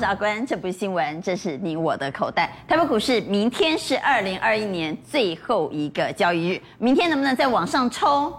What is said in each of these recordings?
法官，這不是新聞，這是你我的口袋。台北股市明天是二零二一年最後一個交易日，明天能不能再往上衝，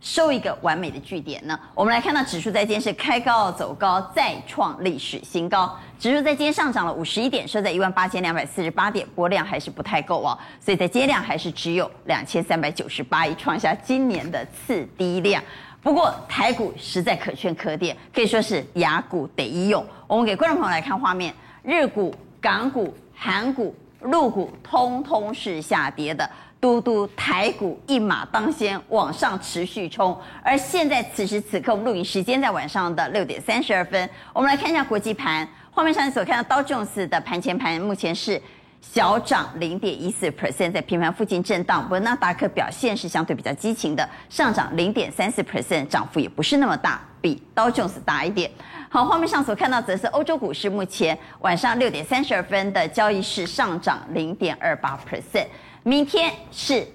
收一個完美的句點呢？我們來看到指數在今天是開高走高，再創歷史新高。指數在今天上漲了五十一點，收在一萬八千兩百四十八點，波量還是不太夠哦，所以在今天量還是只有兩千三百九十八億，創下今年的次低量。不過台股實在可圈可點，可以說是亞股得一用。我們給觀眾朋友來看畫面，日股、港股、韓股、陸股通通是下跌的，獨獨，台股一馬當先往上持續衝。而現在此時此刻，我們錄影時間在晚上的六點三十二分，我們來看一下國際盤，畫面上所看到道瓊斯的盤前盤目前是。小漲零點一四 percent，在平盤附近震盪。伯納達克表現是相對比較激情的，上漲零點三四 percent，漲幅也不是那麼大，比道瓊斯大一點。好，畫面上所看到則是歐洲股市，目前晚上六點三十二分的交易市上漲零點二八 percent。明天是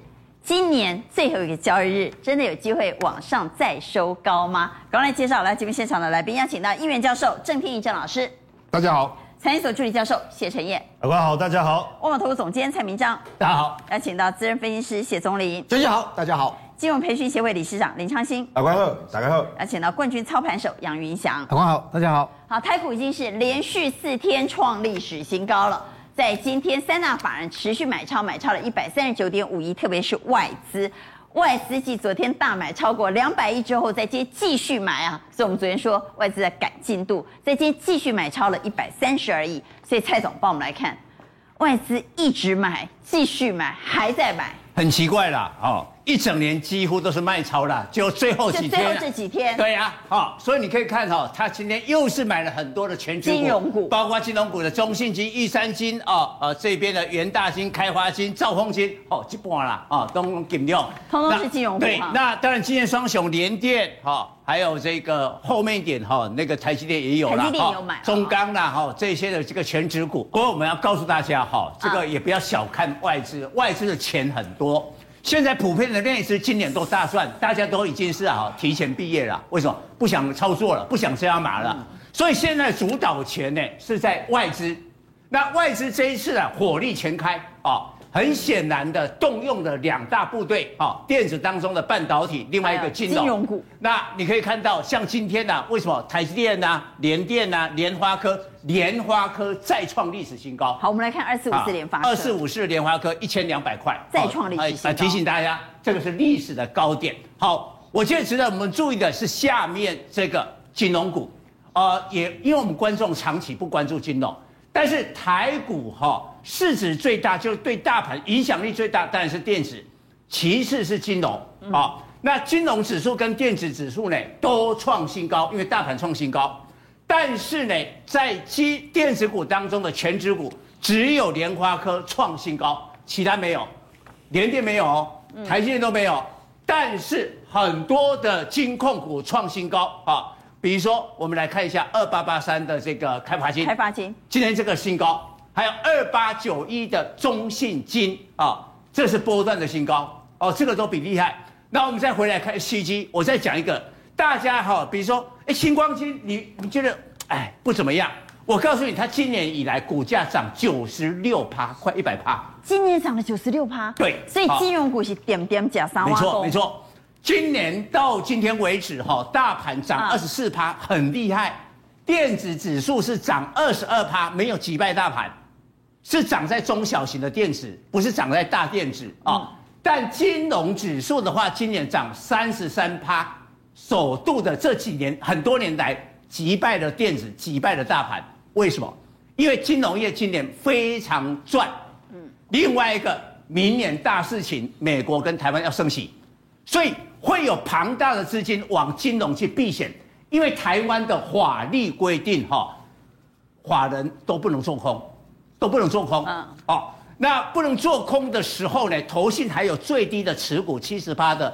今年最後一個交易日，真的有機會往上再收高嗎？剛來介紹，來節目現場的來賓，邀請到一元教授鄭廳宜鄭老師。大家好。財經所助理教授謝晨彥，老關好，大家好。萬寶投顧總監蔡明彰，大家好。邀請到資深分析師謝宗霖，老關好，大家好。金融培訓協會理事長林昌興，老關好，大家好。邀請到冠軍操盤手楊雲翔，老關好，大家好。好，台股已經是連續四天創歷史新高了。在今天，三大法人持續買超，買超了一百三十九點五億，特別是外資。外資繼昨天大買超過兩百億之後，在今天繼續買啊！所以我們昨天說外資在趕進度，在今天繼續買，超了一百三十二億。所以蔡總幫我們來看，外資一直買，繼續買，還在買，很奇怪啦，哦。一整年幾乎都是賣超了，就最後幾天，就最後這幾天，對呀、啊，好、哦，所以你可以看哈、哦，他今天又是買了很多的權值股，金融股包括金融股的中信金、玉山金，哦，呃，這邊的元大金、開發金、兆豐金，哦，都搬了，哦，都跟掉，通通是金融股、啊。對，那當然今天雙雄聯電，哈、哦，還有這個後面一點哈、哦，那個台積電也有了，有買、哦、中鋼啦，哈、哦，這些的這個權值股。哦、不過我們要告訴大家哈、哦，這個也不要小看外資，啊、外資的錢很多。現在普遍的外資今年都大賺，大家都已經是啊提前畢業了，為什麼不想操作了，不想這樣買了？嗯、所以現在主導權呢是在外資，那外資這一次啊火力全開啊、哦，很顯然的動用了兩大部隊啊、哦，電子當中的半導體，另外一個進金融股。那你可以看到，像今天呢、啊，為什麼台積電吶、啊、聯電吶、啊、聯發科？聯發科再創歷史新高。好，我們來看二四五四聯發科，二四五四聯發科一千兩百塊，再創歷史新高，哦哎。提醒大家，嗯、這個是歷史的高點。好，我現在值得我們注意的是下面這個金融股，呃，也因為我們觀眾長期不關注金融，但是台股哈、哦、市值最大，就是對大盤影響力最大，當然是電子，其次是金融。好、嗯哦，那金融指數跟電子指數呢都創新高，因為大盤創新高。但是呢，在機電子股當中的權值股只有聯發科創新高，其他沒有，聯電沒有，台積電都沒有。嗯、但是很多的金控股創新高啊，比如說我們來看一下二八八三的這個開發金，開發金今天這個新高，還有二八九一的中信金啊，這是波段的新高哦、啊，這個都比厲害。那我們再回來看 CJ，我再講一個，大家哈、啊，比如說。哎，新、欸、光金，你你覺得哎不怎麼樣？我告訴你，它今年以來股價漲九十六趴，快一百趴。今年漲了九十六趴。對，所以金融股是點點加三。沒錯沒錯，今年到今天為止哈，大盤漲二十四趴，啊、很厲害。電子指數是漲二十二趴，沒有擊敗大盤，是漲在中小型的電子，不是漲在大電子啊。嗯、但金融指數的話，今年漲三十三趴。首度的這幾年，很多年來擊敗了電子，擊敗了大盤，為什麼？因為金融業今年非常賺，嗯。另外一個，明年大事情，美國跟台灣要升息，所以會有龐大的資金往金融去避險，因為台灣的法律規定，哈、哦，法人都不能做空，都不能做空，嗯。好、哦，那不能做空的時候呢，投信還有最低的持股七十趴的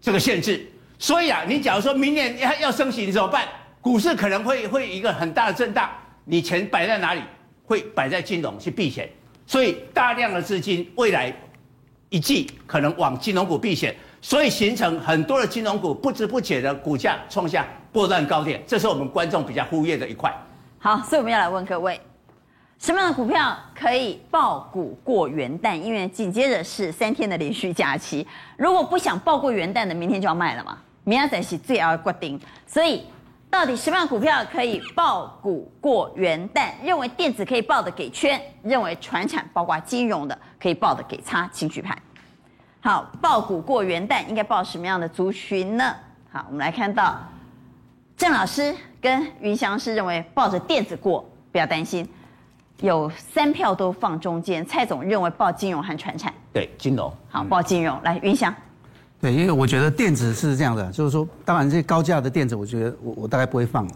這個限制。所以啊，你假如說明年要要升息，你怎麼辦？股市可能會會一個很大的震盪。你錢擺在哪裡？會擺在金融去避險。所以大量的資金未來一季可能往金融股避險，所以形成很多的金融股不知不覺的股價創下波段高點。這是我們觀眾比較忽略的一塊。好，所以我們要來問各位，什麼樣的股票可以抱股過元旦？因為緊接着是三天的連續假期。如果不想抱過元旦的，明天就要賣了嘛。明仔載是最熬的決定，所以到底什麼樣股票可以報股過元旦？認為電子可以報的給圈，認為傳產包括金融的可以報的給叉，請舉牌。好，報股過元旦應該報什麼樣的族群呢？好，我們來看到鄭老師跟云祥是認為抱着電子過，不要擔心，有三票都放中間。蔡總認為報金融和傳產，對金融，好、嗯、報金融，來云祥。對，因為我覺得電子是這樣的，就是說，當然這些高價的電子，我覺得我我大概不會放了，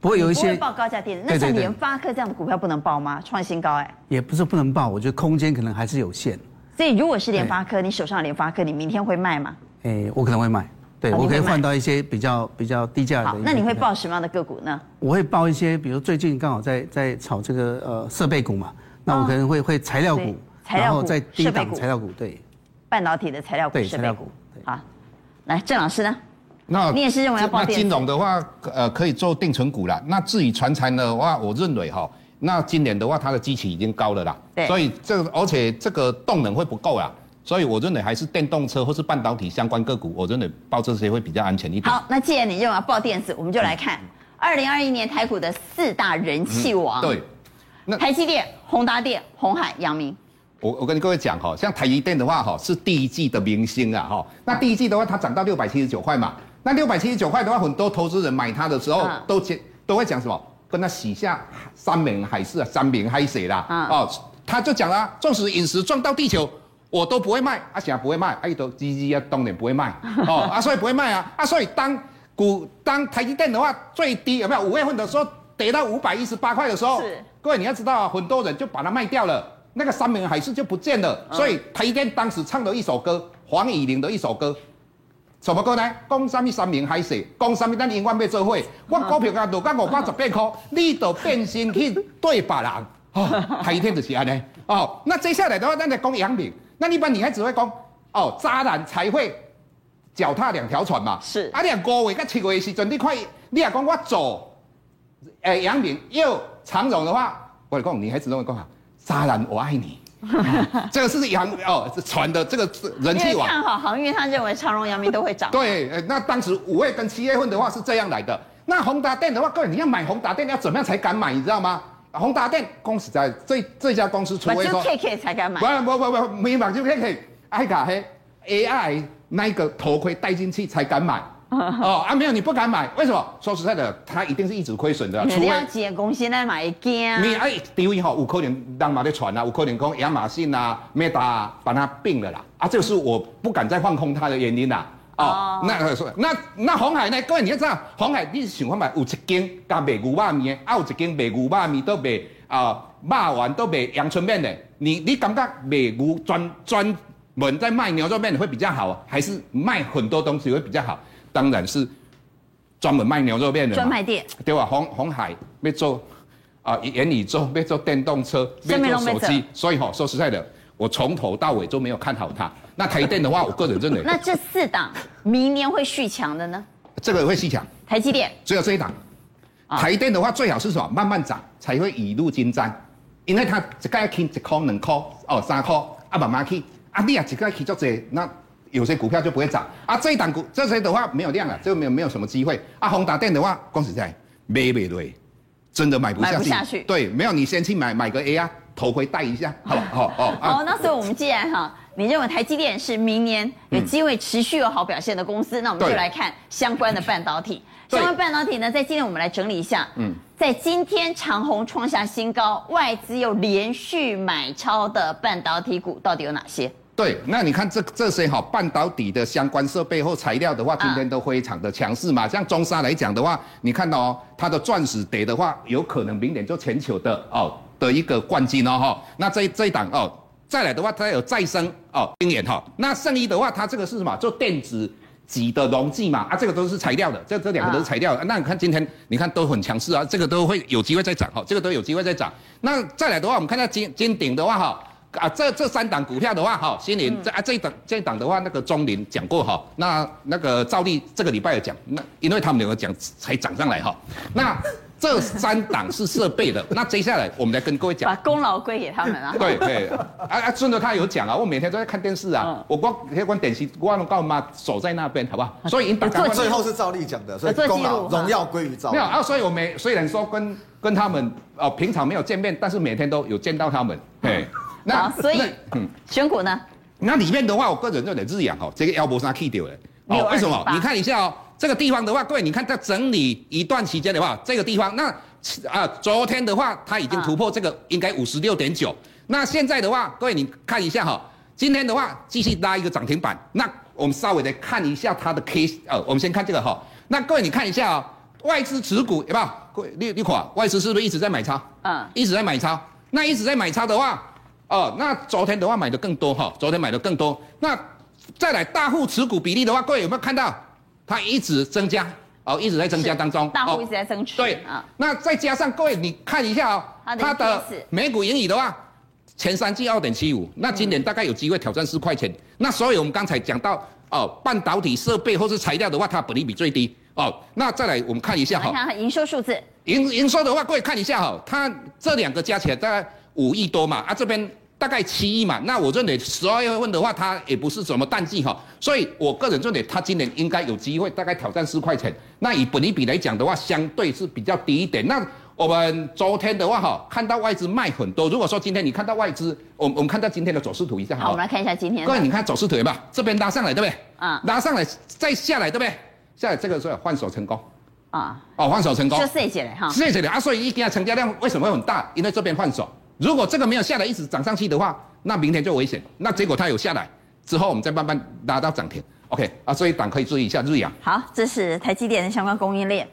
不會有一些報高價電子，那像聯發科這樣的股票不能報嗎？創新高哎，也不是不能報，我覺得空間可能還是有限。所以如果是聯發科，你手上有聯發科，你明天會賣嗎？哎，我可能會賣，對，我可以換到一些比較比較低價的。好，那你會報什麼樣的個股呢？我會報一些，比如最近剛好在在炒這個呃設備股嘛，那我可能會會材料股，然後再低檔材料股對，半導體的材料股，材料股。好，來鄭老師呢？那你也是認為要報電子？那金融的話，呃，可以做定存股啦。那至於傳產的話，我認為齁，那今年的話，它的基期已經高了啦，對。所以這而且這個動能會不夠啦，所以我認為還是電動車或是半導體相關個股，我認為報這些會比較安全一點。好，那既然你認為要報電子，我們就來看二零二一年台股的四大人氣王，嗯。對，那台積電、宏達電、鴻海、陽明。我我跟你各位講哈，像台積電的話哈，是第一季的明星啊哈。那第一季的話，它漲到六百七十九塊嘛。那六百七十九塊的話，很多投資人買它的時候都講，都會講什麼？跟他許下山盟海誓，山盟海誓啊，山盟海誓啦。啊，他就講啦，縱使隕石撞到地球，我都不會賣。阿、啊、翔不會賣，阿伊都滴滴啊 G G，當然不會賣。哦，阿、啊、帥不會賣啊，阿、啊、帥當股當台積電的話，最低有沒有五月份的時候跌到五百一十八塊的時候？是，各位你要知道啊，很多人就把它賣掉了。那個三明海市就不見了，哦、所以他一天當時唱了一首歌，黃乙玲的一首歌，什麼歌呢？“工三明，三明海事，工三明，你永遠袂做伙。哦、我股票剛落個五百八十八塊，哦、你都變心去 對別人。哦，那一天就是安尼。哦，那接下來的話，咱來講陽明，那一般女孩子會講哦，渣男才會腳踏兩條船嘛。是。啊你五位位的，你講郭偉，佮七哥也是準的快。你講我左，哎、欸，陽明右，又長榮的話，我講女孩子攏會講好。渣男，我愛你， 嗯、這個是楊哦傳的，這個人氣王。因為看好航運，他認為長榮、陽明都會漲。對，那當時五月跟七月份的話是這樣來的。那宏達電的話，各位你要買宏達電，要怎麼樣才敢買？你知道嗎？宏達電公司在這這家公司說，除非說 K K 才敢買。不不、啊、不不，沒有，就 K K，還卡那 A I 那個頭盔戴進去才敢買。 哦啊，沒有你不敢買，為什麼？說實在的，他一定是一直虧損的、啊， 除非了解公司那買。一件、啊，你哎，第一哈有可能當馬的船啊，有可能講亞馬遜吶，Meta 把它併了啦。啊，這個是我不敢再放空它的原因啦、啊。哦，哦那個說那那鴻海呢？各位你要知道，鴻海你想看嘛，有一間賣牛肉麵的，還、啊、有一間賣牛肉麵都賣啊賣完都賣陽春麵的。你你感覺賣姑專專門在賣牛肉麵會比較好，還是賣很多東西會比較好？當然是專門賣牛肉麵的專賣店。對吧紅紅海被做啊，元宇宙被做電動車，被做手機。所以哈、哦，說實在的，我從頭到尾都沒有看好它。那台電的話， 我個人認為。 那這四檔明年會續強的呢？這個也會續強，台積電只有這一檔。哦、台電的話，最好是什麼慢慢漲才會雨露均沾，因為它一蓋起一元兩元哦三元啊慢慢起啊，你也一蓋起做這那。有些股票就不會漲啊，這一檔股這些的話沒有量了，就沒有沒有什麼機會。阿、啊、宏達電的話，恭喜在美美對，真的買不下去。買不下去。對，沒有你先去買買個 A 啊，頭盔戴一下，好好好。好，那所以我們既然哈，我你認為台積電是明年有機會持續有好表現的公司，嗯、那我們就來看相關的半導體。對相關半導體呢，在今天我們來整理一下。嗯，在今天長紅創下新高，外資又連續買超的半導體股到底有哪些？對，那你看這這些哈、哦，半導體的相關設備或材料的話，今天都非常的強勢嘛。啊、像中砂來講的話，你看哦，它的鑽石碟的話，有可能明年就全球的哦的一個冠軍哦哈、哦。那這這一檔哦，再來的話，它有再生哦，今年哈、哦，那勝一的話，它這個是什麼？做電子級的溶劑嘛，啊，這個都是材料的，這這兩個都是材料的。啊、那你看今天，你看都很強勢啊，這個都會有機會再漲哈、哦，這個都有機會再漲。那再來的話，我們看一下京京鼎的話哈、哦。啊，這這三檔股票的話，哈、哦，新林這啊這一檔這一檔的話，那個宗霖講過哈、哦，那那個趙麗這個禮拜有講，那因為他們兩個講才漲上來哈、哦。那這三檔是設備的， 那接下來我們來跟各位講。把功勞歸給他們 啊。對對，啊啊，順著他有講啊，我每天都在看電視啊，哦、我光光點心光告訴媽守在那邊，好不好？啊、所以做最後是趙麗講的，所以功勞、啊、榮耀歸於趙麗。沒有啊，所以我每雖然說跟跟他們哦平常沒有見面，但是每天都有見到他們，哎、嗯。嘿那、啊、所以，嗯，選股呢？那裡面的話，我個人認為日樣哈、喔，這個幺博三棄掉了。哦 6 28、喔，為什麼？你看一下哦、喔，這個地方的話，各位，你看它整理一段時間的話，這個地方，那啊、呃，昨天的話，它已經突破這個應該五十六點九。那現在的話，各位你看一下哈、喔，今天的話繼續拉一個漲停板。那我們稍微的看一下它的 K，呃，我們先看這個哈、喔。那各位你看一下哦、喔，外資持股好不好？各位你你看，外資是不是一直在買超？嗯，一直在買超。那一直在買超的話。哦，那昨天的話買的更多哈，昨天買的更多。那再來大戶持股比例的話，各位有沒有看到？它一直增加，哦，一直在增加當中。大戶一直在增持。哦、對，哦、那再加上各位你看一下哦，的它的每股盈利的話，前三季二點七五，那今年大概有機會挑戰四塊錢。嗯、那所以我們剛才講到哦，半導體設備或是材料的話，它本益比最低哦。那再來我們看一下好、哦，營收數字。營收的話，各位看一下哈、哦，它這兩個加起來大概。五億多嘛，啊，這邊大概七億嘛，那我認為十二月份的話，它也不是什麼淡季哈，所以我個人認為它今年應該有機會大概挑戰四塊錢。那以本利比來講的話，相對是比較低一點。那我們昨天的話哈，看到外資賣很多。如果說今天你看到外資，我們我們看到今天的走勢圖一下，好，我們來看一下今天的，各位你看走勢圖吧，這邊拉上來對不對？啊，拉上來再下來對不對？下來這個時候換手成功，啊，哦換手成功，是謝謝了哈，謝謝了啊，所以一定的成交量為什麼會很大？因為這邊換手。如果這個沒有下來，一直漲上去的話，那明天就危險。那結果它有下來之後，我們再慢慢拉到漲停。OK 啊，所以檔可以注意一下日陽。好，這是台積電的相關供應鏈。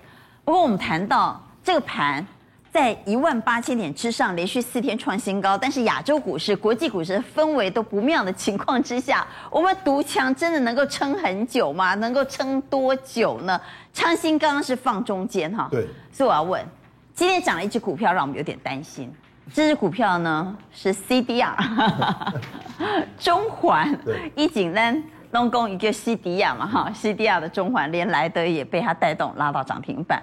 不過我們談到這個盤在一萬八千點之上連續四天創新高，但是亞洲股市、國際股市的氛圍都不妙的情況之下，我們獨強真的能夠撐很久嗎？能夠撐多久呢？昌興剛剛是放中間哈，對，所以我要問，今天漲了一隻股票，讓我們有點擔心。這隻股票呢是 C D R， 中環，對一井難弄供一個 C D R 嘛哈，C D R 的中環連萊德也被它帶動拉到漲停板。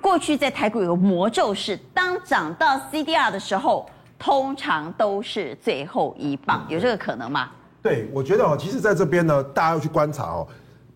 過去在台股有個魔咒是，當漲到 C D R 的時候，通常都是最後一棒，有這個可能嗎？對，我覺得哦，其實在這邊呢，大家要去觀察哦，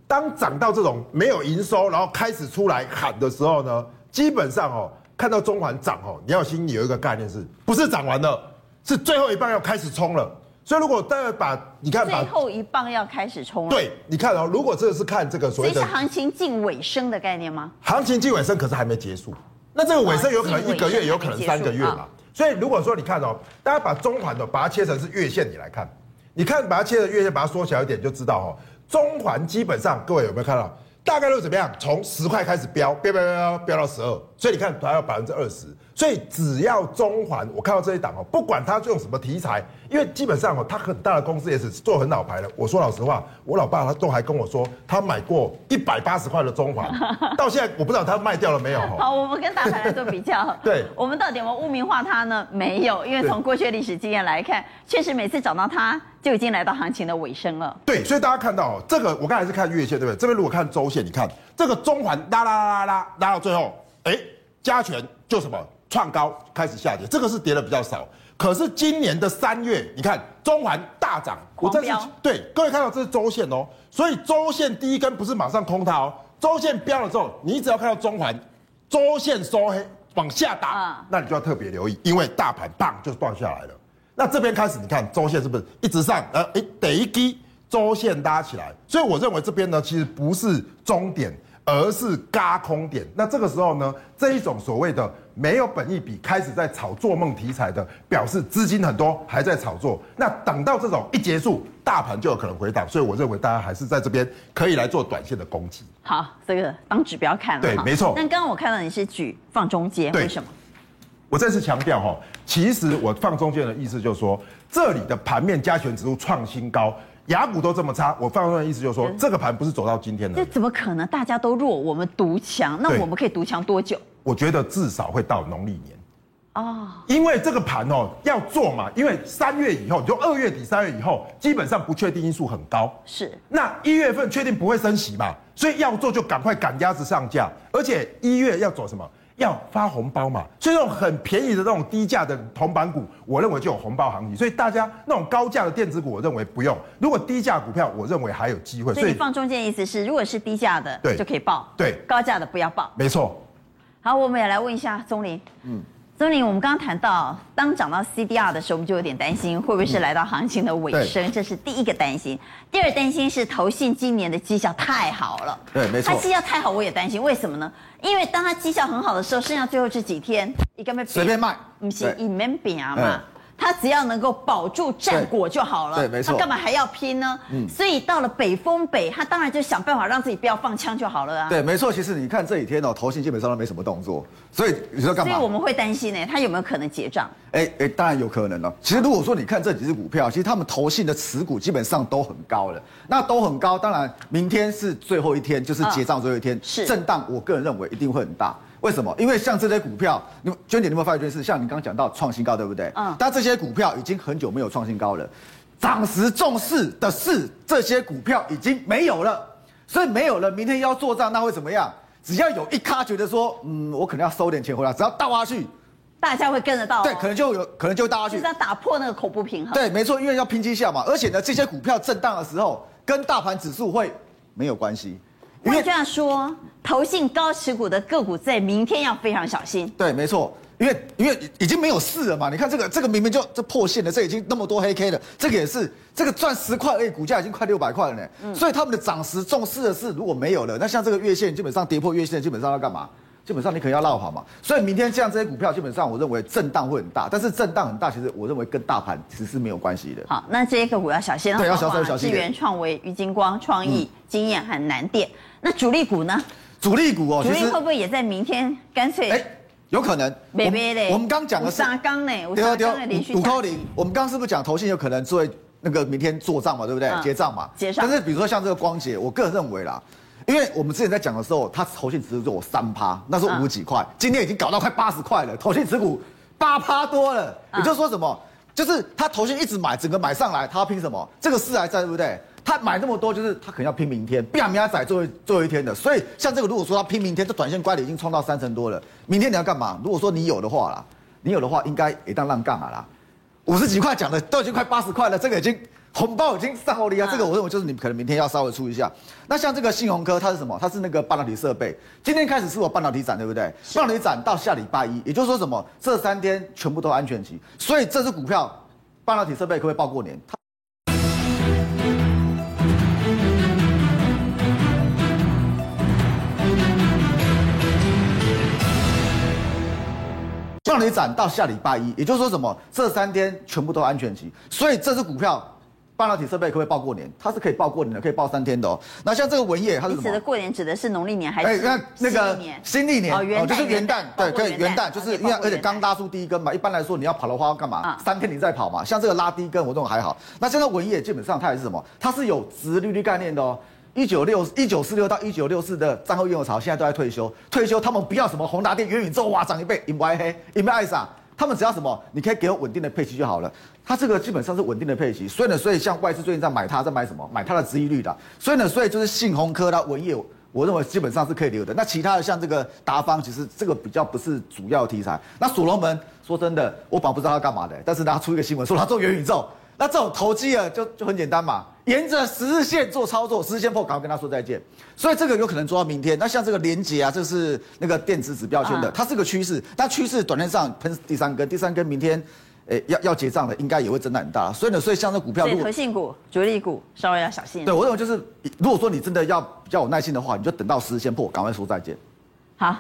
當漲到這種沒有營收，然後開始出來喊的時候呢，基本上哦。看到中環漲哦，你要心裡有一個概念是，是不是漲完了？是最後一棒要開始衝了。所以如果大家把你看把，最後一棒要開始衝了。對，你看哦，如果這個是看這個所謂的行情進尾聲的概念嗎？行情進尾聲，可是還沒結束。那這個尾聲有可能一個月，有可能三個月嘛。所以如果說你看哦，大家把中環的把它切成是月線，你來看，你看把它切成月線，把它縮小一點就知道哦，中環基本上各位有沒有看到？大概率怎麼樣？從十塊開始飆，飆，飆，飆，飆到十二。所以你看，還有百分之二十。所以只要中環，我看到這一檔哦、喔，不管它用什麼題材，因為基本上哦、喔，它很大的公司也是做很老牌的。我說老實話，我老爸他都還跟我說，他買過一百八十塊的中環， 到現在我不知道他賣掉了沒有、喔。好，我們跟大牌來做比較。 對，我們到底有沒有汙名化它呢？沒有，因為從過去的歷史經驗來看，確對實每次漲到它，就已經來到行情的尾聲了。對，所以大家看到哦、喔，這個我剛才是看月線，對不對？這邊如果看周線，你看這個中環拉拉拉拉拉拉到最後。哎，加權、欸、就什麼創高開始下跌，這個是跌的比較少。可是今年的三月，你看中環大漲，彪我這裡，對各位看到這是周線哦，所以周線第一根不是馬上空它哦，周線飆了之後，你只要看到中環周線收黑往下打，啊、那你就要特別留意，因為大盤棒就斷下來了。那這邊開始你看周線是不是一直上，呃，哎、欸、第一擊周線拉起來，所以我認為這邊呢其實不是終點，而是軋空點，那這個時候呢，這一種所謂的沒有本益比開始在炒作夢題材的，表示資金很多還在炒作。那等到這種一結束，大盤就有可能回檔，所以我認為大家還是在這邊可以來做短線的攻擊。好，這個當指標看了。對，沒錯。那剛剛我看到你是舉放中間，對為什麼？我再次強調哈，其實我放中間的意思就是說，這裡的盤面加權指數創新高。亞股都這麼差，我放老的意思就是說，嗯、這個盤不是走到今天的。這怎麼可能？大家都弱，我們獨強，那我們可以獨強多久？我覺得至少會到農曆年，哦，因為這個盤哦要做嘛，因為三月以後，就二月底三月以後，基本上不確定因素很高。是。那一月份確定不會升息嘛？所以要做就趕快趕鴨子上架，而且一月要走什麼？要發紅包嘛，所以那種很便宜的、那種低價的銅板股，我認為就有紅包行情。所以大家那種高價的電子股，我認為不用。如果低價股票，我認為還有機會。所以，所以你放中間的意思是，如果是低價的，對就可以報；對高價的不要報。沒錯。好，我們也來問一下宗霖。嗯。宗霖，我們剛剛談到當漲到 C D R 的時候，我們就有點擔心，會不會是來到行情的尾聲？嗯、這是第一個擔心。第二個擔心是投信今年的績效太好了。對，沒錯。他績效太好，我也擔心。為什麼呢？因為當他績效很好的時候，剩下最後這幾天，你根本隨便賣，唔係是，唔免啊嘛。嗯他只要能夠保住戰果就好了，對，對，沒錯。他幹嘛還要拼呢？嗯，所以到了北風北，他當然就想辦法讓自己不要放槍就好了啊。對，沒錯。其實你看這幾天哦、喔，投信基本上都沒什麼動作，所以你說幹嘛？所以我們會擔心呢、欸，他有沒有可能結賬？哎哎、欸欸，當然有可能了、喔。其實如果說你看這幾只股票，其實他們投信的持股基本上都很高了，那都很高。當然，明天是最後一天，就是結賬最後一天，啊、是震蕩，我個人認為一定會很大。為什麼？因為像這些股票，你們娟姐，你有沒有發現一件事？像你剛剛講到創新高，對不對？嗯。但這些股票已經很久沒有創新高了，漲時重視的是這些股票已經沒有了，所以沒有了，明天要做賬，那會怎麼樣？只要有一咖，覺得說，嗯，我可能要收點錢回來，只要倒下去，大家會跟得到哦。對，可能就有可能就倒下去，就是要打破那個恐怖平衡。對，沒錯，因為要拼績效嘛。而且呢，這些股票震蕩的時候，跟大盤指數會沒有關係。那這樣說，投信高持股的個股在明天要非常小心。對，沒錯，因為因為已經沒有勢了嘛你看這個這個明明就這破線了，這已經那麼多黑 K 了，這個也是這個賺十塊，而已，股價已經快六百塊了呢。所以他們的漲時重視的是如果沒有了，那像這個月線基本上跌破月線，基本上要幹嘛？基本上你可能要落跑嘛，所以明天這樣這些股票基本上我認為震盪會很大，但是震盪很大，其實我認為跟大盤其實是沒有關係的。好，那這些股要小心，對，要小心小心。資源、創維、玉晶光、創意、經驗很難跌、嗯、那主力股呢？主力股哦、喔，主力會不會也在明天乾脆？欸？有可能。我們剛講的是啥剛呢？丟丟，骨我們剛是不是講投信有可能做那個明天做賬嘛，對不對？啊、結賬嘛。結賬帳。但是比如說像這個光潔，我個人認為啦。因為我們之前在講的時候，他投信只有三趴，那是五幾塊，啊、今天已經搞到快八十塊了，投信持股八趴多了。也就是說什麼，啊、就是他投信一直買，整個買上來，他要拼什麼？這個事還在，對不對？他買那麼多，就是他可能要拼明天，不然明天再做一做一天的。所以像這個，如果說他拼明天，這短線乖離已經衝到三成多了，明天你要幹嘛？如果說你有的話啦，你有的話應該也當浪幹啊啦，五十幾塊講的都已經快八十塊了，這個已經。紅包已經上了呀、啊，這個我認為就是你們可能明天要稍微出一下。啊、那像這個信紘科，它是什麼？它是那個半導體設備。今天開始是我半導體展，對不對？是半導體展到下禮拜一，也就是說什麼？這三天全部都安全期。所以這支股票，半導體設備可不可以抱過年？它半導體展到下禮拜一，也就是說什麼？這三天全部都安全期。所以這支股票。半導體設備可不可以報過年？它是可以報過年的，可以報三天的哦、喔。那像這個文曄，它是指的過年指的是農曆年還是年？哎、欸，那那個新曆年哦、呃，就是元旦，對，可以元旦，元旦就是因為而且剛拉出第一根嘛。一般來說，你要跑的話要幹嘛？哦、三天你再跑嘛。像這個拉第一根，我這種還好。那現在文曄基本上它是什麼？它是有殖利率概念的哦、喔。一九六一九四六到一九六四的戰後嬰兒潮，現在都在退休。退休他們不要什麼宏達電、元宇宙，哇，漲一倍，一白黑，一白啥？他們只要什麼？你可以給我穩定的配息就好了。它這個基本上是穩定的配息，所以呢，所以像外資最近在買它，在買什麼？買它的殖利率的。所以呢，所以就是信宏科它文業，我認為基本上是可以留的。那其他的像這個達方，其實這個比較不是主要題材。那所羅門，說真的，我本來不知道他幹嘛的，但是他出一個新聞說他做元宇宙，那這種投機啊，就就很簡單嘛。沿着十日線做操作，十日線破，趕快跟他說再見。所以這個有可能做到明天。那像這個連結啊，這是那個電子指標圈的，它是個趨勢，它趨勢短線上噴第三根，第三根明天，誒，要要結賬的，應該也會增得很大。所以呢，所以像這股票，對核心股、如果主力股稍微要小心。對，我認為就是，如果說你真的要比較有耐心的話，你就等到十日線破，趕快說再見。好，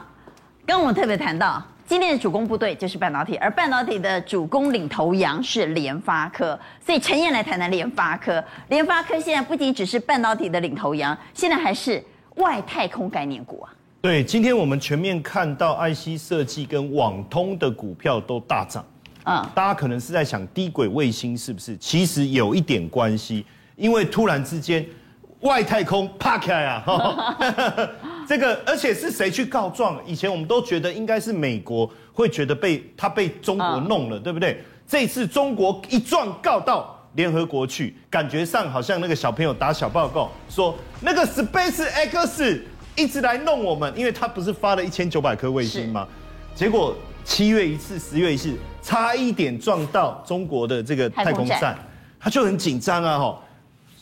跟我特別談到。今天的主攻部隊就是半導體，而半導體的主攻領頭羊是聯發科。所以晨彥來談談聯發科。聯發科現在不僅只是半導體的領頭羊，現在還是外太空概念股啊。對，今天我們全面看到 IC 設計跟網通的股票都大漲。哦，大家可能是在想低軌衛星是不是？其實有一點關係，因為突然之間外太空趴起來啊。哦 這個，而且是誰去告狀？以前我們都覺得應該是美國會覺得被他被中國弄了，uh, 對不對？這次中國一狀告到聯合國去，感覺上好像那個小朋友打小報告說，說那個 SpaceX 一直來弄我們，因為他不是發了一千九百顆衛星嗎？是結果七月一次，十月一次，差一點撞到中國的這個太空站，他就很緊張啊、哦！哈，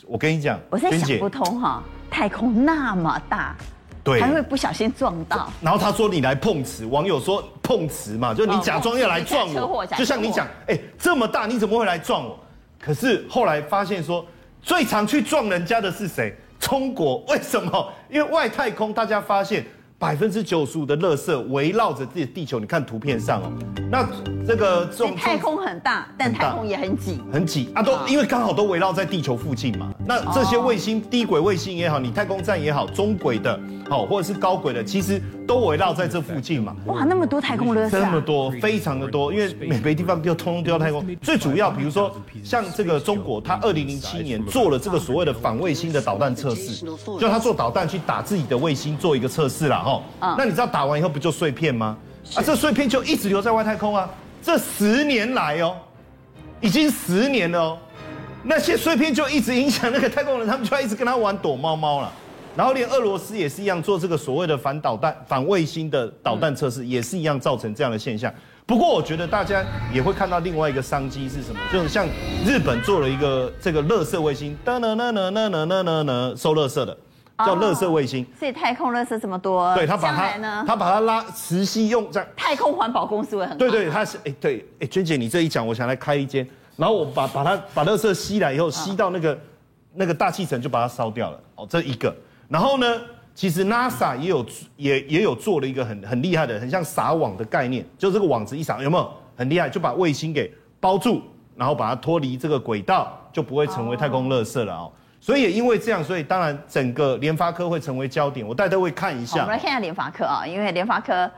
我跟你講，我現在想不通哈、哦，姐太空那麼大。對，還會不小心撞到，然後他說你來碰瓷，網友說碰瓷嘛，就你假裝要來撞我，就像你講，誒、欸、這麼大你怎麼會來撞我？可是後來發現說，最常去撞人家的是誰？中國。為什麼？因為外太空大家發現。百分之九十五的垃圾圍繞着自己的地球，你看圖片上哦，那這個這種太空很大，但太空也很擠，很擠啊都，因為剛好都圍繞在地球附近嘛。那這些衛星，哦、低軌衛星也好，你太空站也好，中軌的哦，或者是高軌的，其實都圍繞在這附近嘛。哇、哦，那麼多太空垃圾、啊，這麼多，非常的多，因為每個地方就通通丟到太空。最主要，比如說像這個中國，它二零零七年做了這個所謂的反衛星的導彈測試，哦、就他做導彈去打自己的衛星做一個測試了哈。哦、那你知道打完以後不就碎片嗎？是啊，這碎片就一直留在外太空啊。這十年來哦，已經十年了哦，那些碎片就一直影響那個太空人，他們就要一直跟他玩躲貓貓了。然後連俄羅斯也是一樣做這個所謂的反導彈、反衛星的導彈測試，嗯、也是一樣造成這樣的現象。不過我覺得大家也會看到另外一個商機是什麼，就是像日本做了一個這個垃圾衛星，噔噔噔噔噔噔噔噔，收垃圾的。叫垃圾衛星、哦，所以太空垃圾這麼多。對，他把它，它把它拉磁吸用在太空環保公司會很。對對，他是哎、欸、對哎、欸，娟姐，你這一講，我想來開一間，然後我把把它把垃圾吸來以後，哦、吸到那個那個大氣層就把它燒掉了。哦，這一個，然後呢，其實 NASA 也有也也有做了一個很很厲害的，很像撒網的概念，就這個網子一撒有沒有很厲害，就把衛星給包住，然後把它脫離這個軌道，就不會成為太空垃圾了哦。哦所以也因為這樣，所以當然整個聯發科會成為焦點。我帶大家會看一下。我們來看一下聯發科啊，因為聯發科，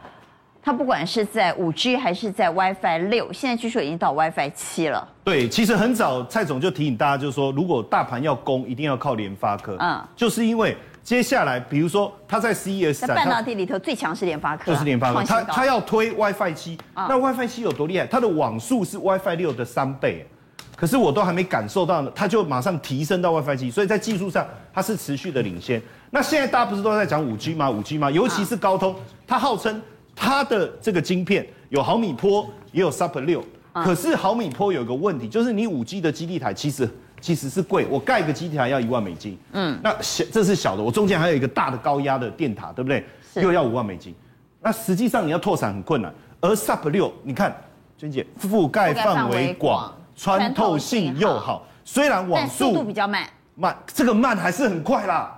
它不管是在五 G 還是在 WiFi 六，現在據說已經到 WiFi 七了。對，其實很早蔡總就提醒大家，就是說如果大盤要攻，一定要靠聯發科。嗯，就是因為接下來，比如說它在 CES 在半導體裡頭最強是聯發科啊，就是聯發科，它它要推 WiFi 七，嗯，那 WiFi 七有多厲害？它的網速是 WiFi 六的三倍欸。可是我都還沒感受到呢，它就馬上提升到 WiFi 6。所以在技術上它是持續的領先。那現在大家不是都在講 5G 嗎？5G 嗎？尤其是高通，它號稱它的這個晶片有毫米波，也有 Sub 6。可是毫米波有一個問題，就是你 5G 的基地台其實其實是貴，我蓋個基地台要一萬美金。嗯。那小，這是小的，我中間還有一個大的高壓的電塔，對不對？又要五萬美金。那實際上你要拓展很困難。而 Sub 6，你看，娟姐覆蓋範圍廣。穿透性又好，雖然網速速度比較慢慢，這個慢還是很快啦。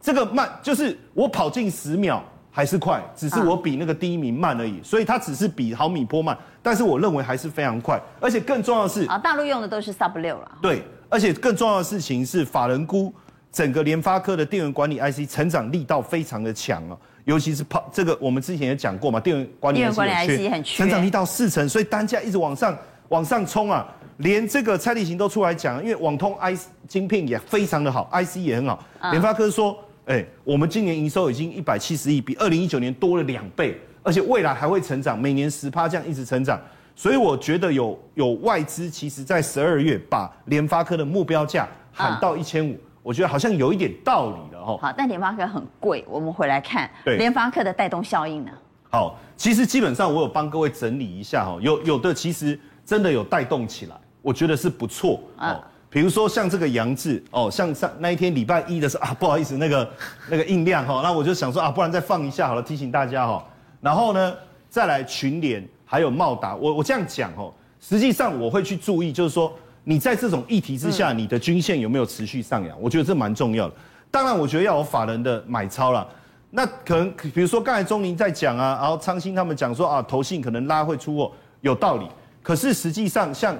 這個慢就是我跑進十秒還是快，只是我比那個第一名慢而已。所以它只是比毫米波慢，但是我認為還是非常快。而且更重要的是啊，大陸用的都是 Sub 六了。對，而且更重要的事情是，法人估整個聯發科的電源管理 IC 成長力道非常的強啊，尤其是跑這個，我們之前也講過嘛，電源管理 IC 很缺，成長力到四成，所以單價一直往上往上衝啊。連這個蔡力行都出來講，因為網通 IC 晶片也非常的好，IC 也很好。聯、啊、發科說，哎、欸，我們今年營收已經一百七十億，比二零一九年多了兩倍，而且未來還會成長，每年十趴這樣一直成長。所以我覺得有有外資其實在十二月把聯發科的目標價喊到一千五，我覺得好像有一點道理了哦。好，但聯發科很貴，我們回來看聯對發科的帶動效應呢？好，其實基本上我有幫各位整理一下哈，有有的其實真的有帶動起來。我覺得是不錯啊，哦、比如說像這個揚智哦，像上那一天禮拜一的時候啊，不好意思，那個那個應量哈、哦，那我就想說啊，不然再放一下好了，提醒大家哈、哦。然後呢，再來群聯還有茂達，我我這樣講哦，實際上我會去注意，就是說你在這種議題之下，嗯、你的均線有沒有持續上揚？我覺得這蠻重要的。當然，我覺得要有法人的買超了，那可能比如說剛才宗霖在講啊，然後昌興他們講說啊，投信可能拉回出貨，有道理。可是實際上像。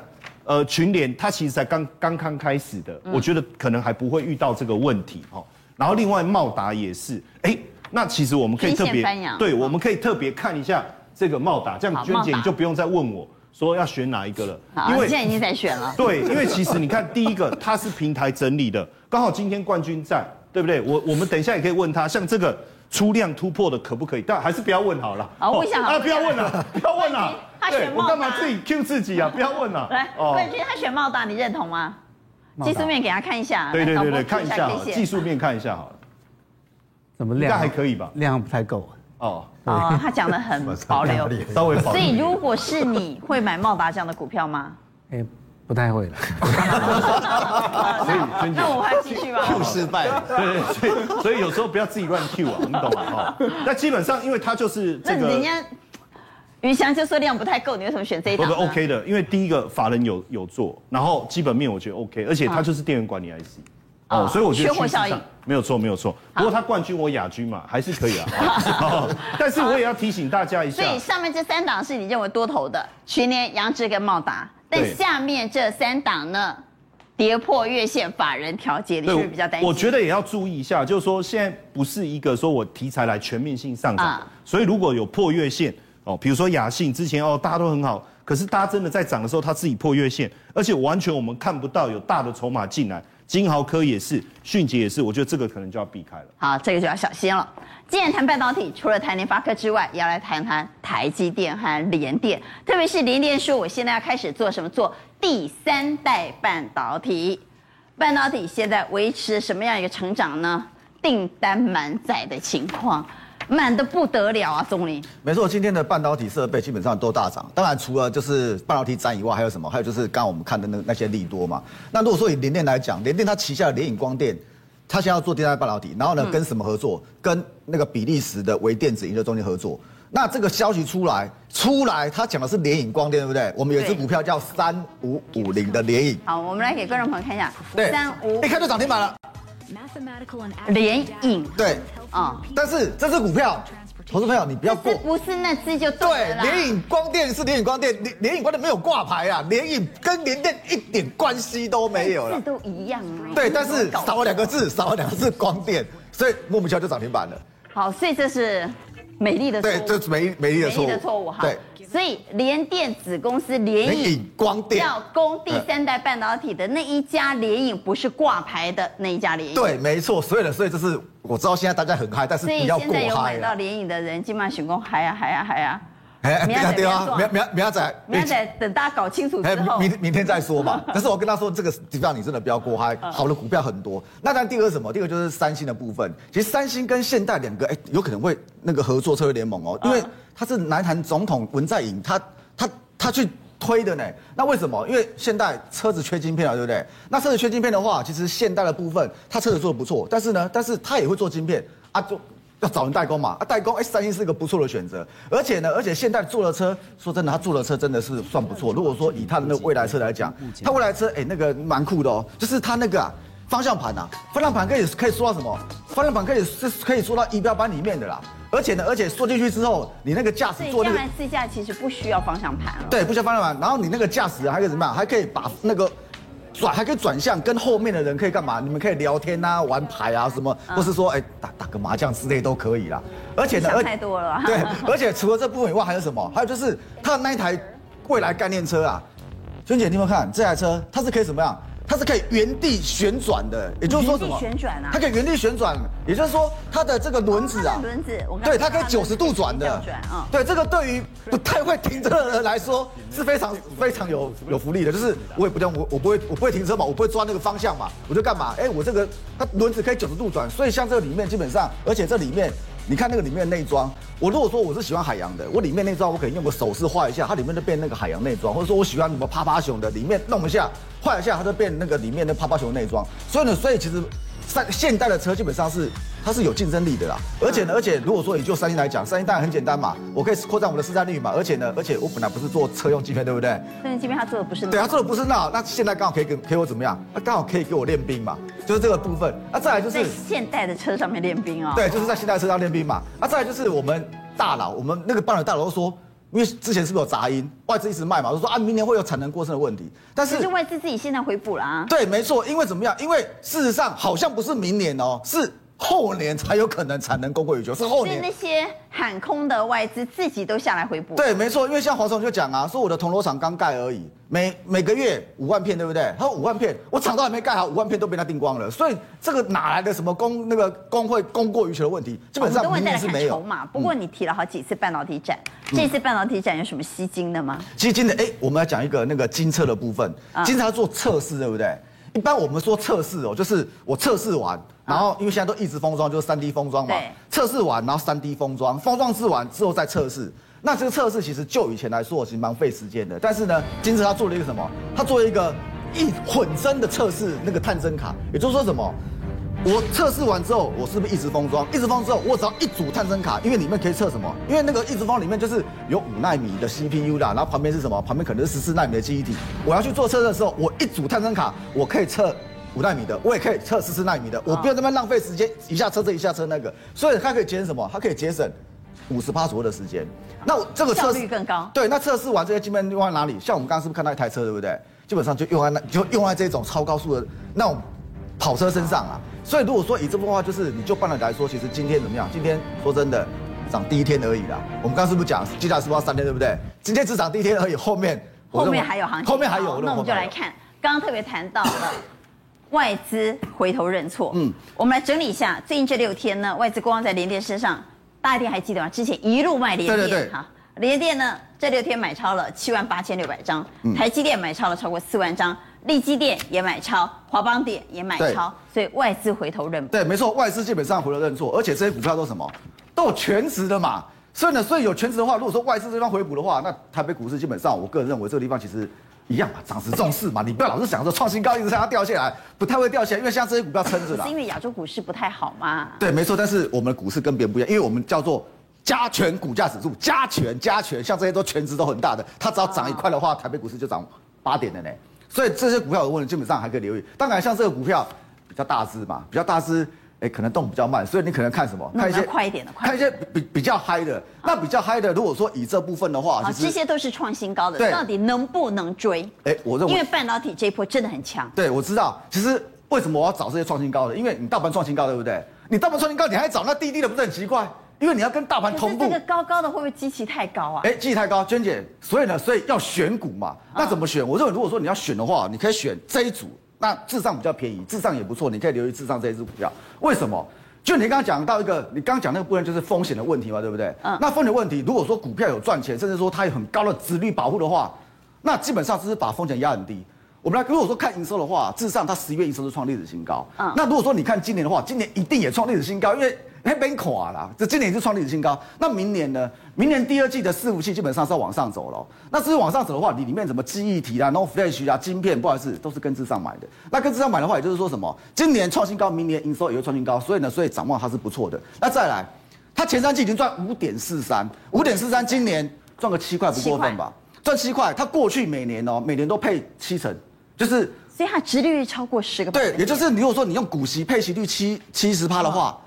呃，群聯他其實才剛剛剛開始的，我覺得可能還不會遇到這個問題哦。然後另外茂達也是，哎，那其實我們可以特別對，我們可以特別看一下這個茂達，這樣娟姐，你就不用再問我說要選哪一個了，因為現在已經在選了。對，因為其實你看第一個，它是平台整理的，剛好今天冠軍在，對不對？我我們等一下也可以問他，像這個出量突破的可不可以？但還是不要問好了。好，我想啊，不要問了，不要問了。達，他選茂我幹嘛自己 Q 自己啊？不要問了。來，問君他選茂達，你認同嗎？技術面給他看一下。對對對對，看一下技術面看一下好了。怎麼量？應該還可以吧？量不太夠。哦。哦，他講的很保留，稍微。所以如果是你會買茂達這樣的股票嗎？哎，不太會了。所以，那我們繼續吧。Q 失敗了，對對，所以所以有時候不要自己亂 Q 啊，你懂嗎？那基本上，因為他就是這個那人家。雲翔就說量不太夠，你為什麼選這一檔？我覺得 OK 的，因為第一個法人有有做，然後基本面我覺得 OK，而且他就是電源管理 IC，哦，哦所以我覺得缺貨效應。沒有錯，沒有錯。好不過他冠軍我亞軍嘛，還是可以啊。 好哦、但是我也要提醒大家一下，所以上面這三檔是你認為多頭的，群聯、揚智跟茂達，但下面這三檔呢，對跌破月線，法人調節，你是不是比較擔心？我覺得也要注意一下，就是說現在不是一個說我題材來全面性上漲，哦、所以如果有破月線。比如說亞信，之前哦，大家都很好，可是大家真的在漲的時候，他自己破月線，而且完全我們看不到有大的籌碼進來。金豪科也是，迅捷也是，我覺得這個可能就要避開了。好，這個就要小心了。既然談半導體，除了談聯發科之外，也要來談談台積電和聯電，特別是聯電說，我現在要開始做什麼？做第三代半導體。半導體現在維持什麼樣一個成長呢？訂單滿載的情況。滿的不得了啊，宗霖。沒錯，今天的半導體設備基本上都大漲。當然，除了就是半導體展以外，還有什麼？還有就是剛我們看的那那些利多嘛。那如果說以聯電來講，聯電它旗下的聯穎光電，它現在要做第三代半導體，然後呢跟什麼合作？跟那個比利時的微電子研究中心合作。那這個消息出來，出來，它講的是聯穎光電，對不對？我們有一支股票叫三五五零的聯穎。好，我們來給觀眾朋友看一下，三五，一看就漲停板了，聯穎對。啊！哦、但是這支股票，投資朋友你不要過，這是不是那只就對。聯影光電是聯影光電，聯影光電沒有掛牌啊，聯影跟聯電一點關係都沒有了，這都一樣啊。對，但是少了兩個字，少了兩個字光電，所以莫名其妙就漲停板了。好，所以這是美麗的錯誤，對，這是美美麗的錯誤錯誤哈，對。所以聯電子公司聯穎光電要攻第三代半導體的那一家聯穎，不是掛牌的那一家聯穎。對，沒錯。所以，所以這是我知道現在大家很嗨，但是比所以現在有買到聯穎的人，金馬選工嗨呀、啊、嗨呀、啊、嗨呀、啊。哎，苗苗、欸、對啊，苗苗苗仔，苗仔，等大家搞清楚明天明天再說吧。 但是我跟他說，這個股票你真的不要過嗨，好的股票很多。那但第二什麼？第二就是三星的部分。其實三星跟現代兩個，哎、欸，有可能會那個合作車業聯盟哦，因為他是南韓總統文在寅，他他他去推的呢。那為什麼？因為現代車子缺晶片了，對不對？那車子缺晶片的話，其實現代的部分，他車子做的不錯，但是呢，但是他也會做晶片啊，做。要找人代工嘛？啊，代工 S、欸、三星是個不錯的選擇，而且呢，而且現代做的車，說真的，他做的車真的是算不錯。如果說以他的那個未來車來講，他未來車哎、欸，那個蠻酷的哦，就是他那個啊，方向盤啊，方向盤可以可以縮到什麼？方向盤可以是可以縮到儀表盤裡面的啦。而且呢，而且縮進去之後，你那個駕駛座，你看來試駕其實不需要方向盤。對，不需要方向盤。然後你那個駕駛還可以怎麼樣？還可以把那個，轉還可以轉向，跟後面的人可以幹嘛？你們可以聊天吶、啊，玩牌啊，什麼，或是說，哎、欸，打打個麻將之類都可以啦。而且，呢，對， 而且除了這部分以外，還有什麼？還有就是他的那一台未來概念車啊，娟姐，你們看這台車，它是可以什麼樣？它是可以原地旋轉的，也就是說什麼？它可以原地旋轉，也就是說它的這個輪子啊，輪子，我對，它可以九十度轉的。轉啊，對，這個對於不太會停車的人來說是非常非常有有福利的。就是我也不叫我我不會我不會停車嘛，我不會抓那個方向嘛，我就幹嘛？哎，我這個它輪子可以九十度轉，所以像這個裡面基本上，而且這裡面。你看那個裡面內裝，我如果說我是喜歡海洋的，我裡面內裝我可以用個手勢畫一下，它裡面就變那個海洋內裝，或者說我喜歡什麼趴趴熊的，裡面弄一下畫一下，它就變那個裡面的趴趴熊內裝，所以呢，所以其實。三，現代的車基本上是它是有競爭力的啦，而且呢，嗯、而且如果說以就三星來講，三星當然很簡單嘛，我可以擴展我的市占率嘛，而且呢，而且我本來不是做車用晶片對不對？車用晶片他做的不是那，對，他做的不是那，那現在剛好可以給給我怎麼樣？那剛好可以給我練兵嘛，就是這個部分。那、啊、再來就是在現代的車上面練兵啊、哦？對，就是在現代車上練兵嘛。那、啊、再來就是我們大佬，我們那個棒子大佬說。因為之前是不是有雜音？外資一直賣嘛，就是說啊，明年會有產能過剩的問題。但是，但是外資自己現在回補了啊。對，沒錯，因為怎麼樣？因為事實上好像不是明年哦，是。後年才有可能產能供過於求，是後年。那些喊空的外資自己都下來回補。對，沒錯，因為像黃總就講啊，說我的銅鑼廠剛蓋而已，每每個月五萬片，對不對？他說五萬片，我廠都還沒蓋好，五萬片都被他訂光了。所以這個哪來的什麼工那個工會供過於求的問題？嗯、基本上明明是沒有。籌碼。不過你提了好幾次半導體展，嗯、這次半導體展有什麼吸金的嗎？吸金的，哎、欸，我們要講一個那個精測的部分，經常做測試，對不對？嗯、一般我們說測試哦，就是我測試完。然後，因為現在都一直封裝，就是三 D 封裝嘛，對測試完，然後三 D 封裝，封裝試完之後再測試。那這個測試其實就以前來說其實蠻費時間的。但是呢，金子他做了一個什麼？他做了一個一混身的測試那個探針卡，也就是說什麼？我測試完之後，我是不是一直封裝？一直封裝之後，我只要一組探針卡，因為裡面可以測什麼？因為那個一直封裡面就是有五奈米的 CPU 的，然後旁邊是什麼？旁邊可能是十四奈米的記憶體。我要去做測試的時候，我一組探針卡，我可以測。五納米的，我也可以測試四納米的，我不要這麼浪費時間，一下車這一下車那個，所以它可以節省什麼？它可以節省五十趴左右的時間。那這個測試效率更高。對，那測試完這些基本上用在哪裡？像我們剛剛是不是看到一台車，對不對？基本上就用在那就用在這種超高速的那種跑車身上啊。所以如果說以這句話就是，你就換了來說，其實今天怎麼樣？今天說真的，漲第一天而已啦。我們剛剛是不是講接下來是不是要三天，對不對？今天只漲第一天而已，後面後面還有行情，後面還有，那我們就來看剛剛特別談到的。 外資回頭認錯。嗯，我們來整理一下最近這六天呢，外資光在聯電身上，大家一定還記得嗎？之前一路賣聯電，對對對。哈，聯電呢這六天買超了七萬八千六百張，嗯、台積電買超了超過四萬張，力積電也買超，華邦電也買超，對所以外資回頭認錯。對，沒錯，外資基本上回頭認錯，而且這些股票都什麼？都有權值的嘛。所以呢，所以有權值的話，如果說外資這方回補的話，那台北股市基本上，我個人認為這個地方其實。一樣嘛，漲值重視嘛，你不要老是想說創新高，一直讓它掉下來，不太會掉下來，因為像這些股票撐着了。是因為亞洲股市不太好嘛？對，沒錯。但是我們的股市跟別人不一樣，因為我們叫做加權股價指數，加權加權，像這些都權值都很大的，它只要漲一塊的話，哦、台北股市就漲八點的呢。所以這些股票我問，基本上還可以留意。當然，像這個股票比較大只嘛，比較大只。哎，可能動比較慢，所以你可能看什麼？看一些快一點的，看一些比比較嗨的。啊、那比較嗨的，如果說以這部分的話，啊、實這些都是創新高的，對到底能不能追？哎，我認為，因為半導體這一波真的很強。對，我知道，其實為什麼我要找這些創新高的？因為你大盤創新高，對不對？你大盤創新高，你還找那低低的，不是很奇怪？因為你要跟大盤同步。這個高高的會不會基期太高啊？哎，基期太高，娟姐，所以呢，所以要選股嘛？那怎麼選？啊、我認為，如果說你要選的話，你可以選這一組。那智商比較便宜，智商也不錯，你可以留意智商這一隻股票。為什麼？就你剛剛講到一個，你剛剛講那個部分就是風險的問題嘛，對不對？嗯、那風險問題，如果說股票有賺錢，甚至說它有很高的殖利率保護的話，那基本上就是把風險壓很低。我們來，如果說看營收的話，智商它十一月營收是創歷史新高。嗯、那如果說你看今年的話，今年一定也創歷史新高，因為。那沒垮啦，這今年是創歷史新高。那明年呢？明年第二季的伺服器基本上是要往上走了。那至於往上走的話，你裡面什麼記憶體啊、然、no、後 flash 啊、晶片，不好意思，都是根治上買的。那根治上買的話，也就是說什麼？今年創新高，明年營收也會創新高。所以呢，所以展望它是不錯的。那再來，它前三季已經賺五點四三，五點四三，今年賺個七塊不過分吧？七塊賺七塊，它過去每年哦，每年都配七成，就是所以它殖利率超過十個對，也就是你如果說你用股息配息率七七十趴的話。嗯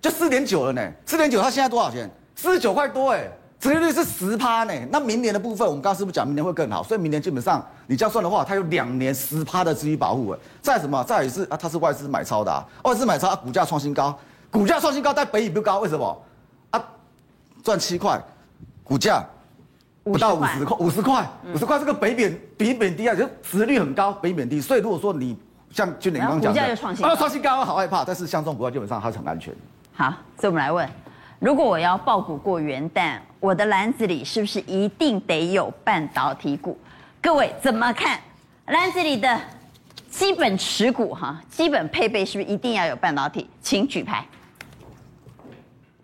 就四點九了呢，欸，四點九，它現在多少錢？四十九塊多哎，欸，殖利率是十趴呢。那明年的部分，我們剛剛是不是講明年會更好？所以明年基本上你這樣算的話，它有兩年十趴的殖利保護。哎，再什麼？再也是啊，它是外資買超的，啊，外資買超，啊，股價創新高，股價創新高，但本益比不高，為什麼？啊，賺七塊，股價不到五十塊，五十塊，五十塊，這、嗯、個本益比、本益比低啊，就殖利很高，本益比低，所以如果說你像去年剛講，股價就創新高、啊、創新高，好害怕。但是像這種股票，基本上它是很安全。好，所以我們來問：如果我要抱股過元旦，我的籃子裡是不是一定得有半導體股？各位怎麼看？籃子裡的基本持股哈，基本配備是不是一定要有半導體？請舉牌。